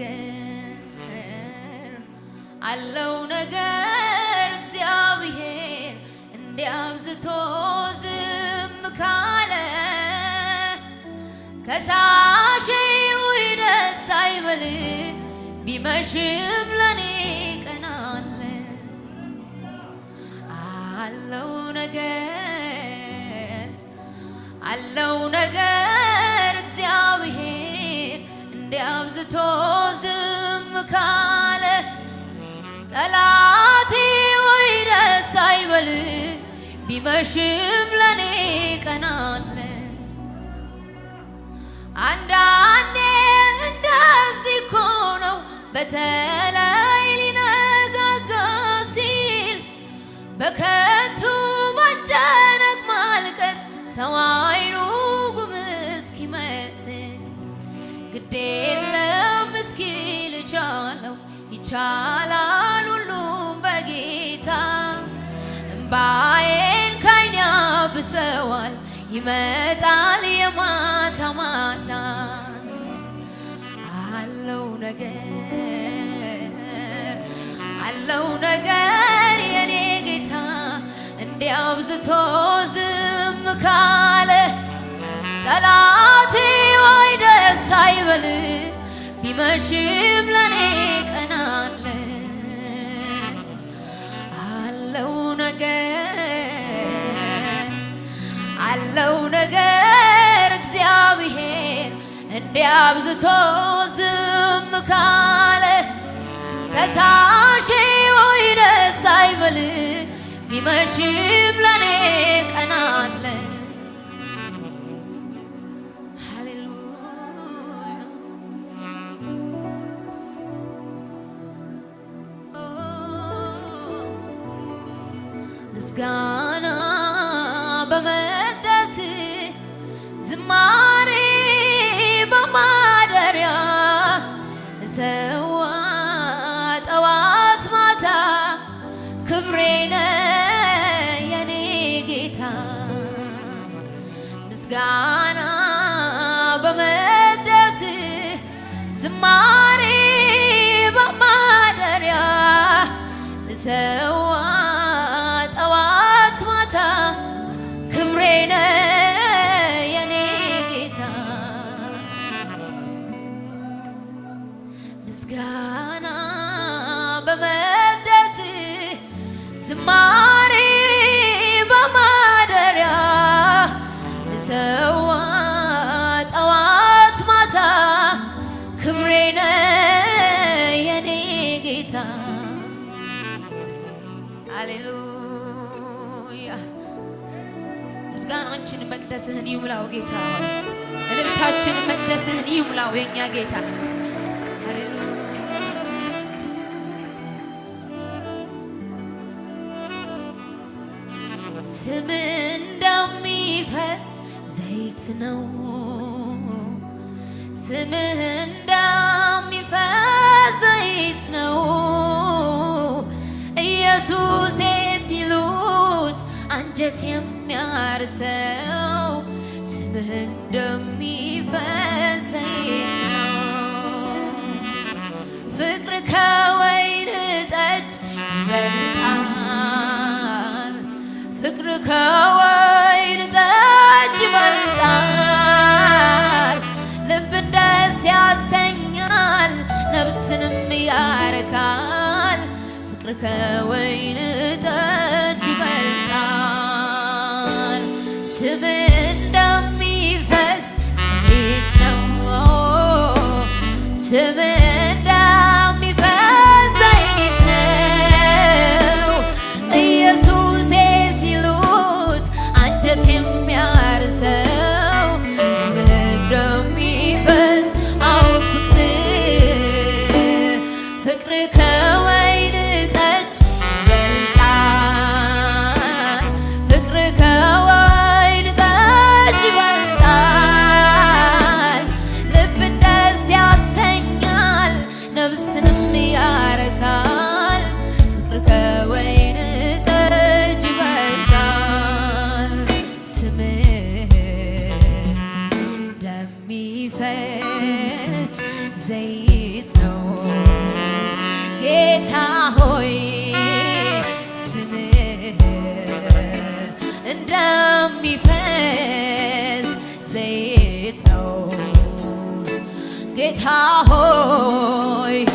ነገር አለው ነገር እግዚአብሔር እንዲህ ዝም ካለ ከሳሽ ይውደስ አይበል ቢመሽም ለኔ ቀን አለው ነገር አለው ነገር አብዝቶ ዝም ካለ ጠላቴ ወይ ደስ አይበል ቢመሽም ለኔ ቀናለ አንዳንዴ እንደዚህ እኮ ነው በተለይ ሊነጋጋ ሲል በከንቱ መጨነቅ ማልቀስ ሰው አይኑ ጉም እስኪመስል ግዴ ይቻላል ሁሉም በጌታ እምባዬን ካይን ያብሰዋል ይመጣል የማታ ማታ አለው ነገር አለው ነገር የኔ ጌታ እንዲያብዝቶ ዝም ካለ ጠላቴ ወይ ደስ አይበል ቢመሽም ለኔ ቀና አለው ነገር እግዚአብሔር እንዲያብዝቶ ዝም ካለ ከሳሼ ወይ ደስ አይበል ቢመሽም ለኔ ቀናን ምስጋና በመቅደስ ዝማሬ በማደሪያ እሰዋ ጠዋት ማታ ክብሬነ የኔ ጌታ ምስጋና በመቅደስ ዝማ ምስጋና በመቅደስ ዝማሬ በማደሪያ ጠዋት ማታ ክብሬነ የኔ ጌታ አሌሉያ ምስጋናችን መቅደስህን ይሙላው ጌታ እልልታችን መቅደስህን ይሙላው የኛ ጌታ ስም እንደሚፈስ ዘይት ነው። ስም እንደሚፈስ ዘይት ነው። ኢየሱሴ ሲሉት አንጀት የሚያርሰው ስም እንደሚፈስ ዘይት ነው። ፍቅር ከ ከወይን ጠጅ ይበልጣል። ልብን ደስ ያሰኛል፣ ነፍስንም ያረካል። ፍቅር ከወይን ጠጅ ይበልጣል። ስም እንደሚፈስ ሰሊጥ ነው ስም ነፍስንም ያረካል ፍቅር ከወይን ጠጅ ይበልጣል። እንደሚፈስ ዘይት ነው ጌታ ሆይ እንደሚፈስ ጌታ ሆይ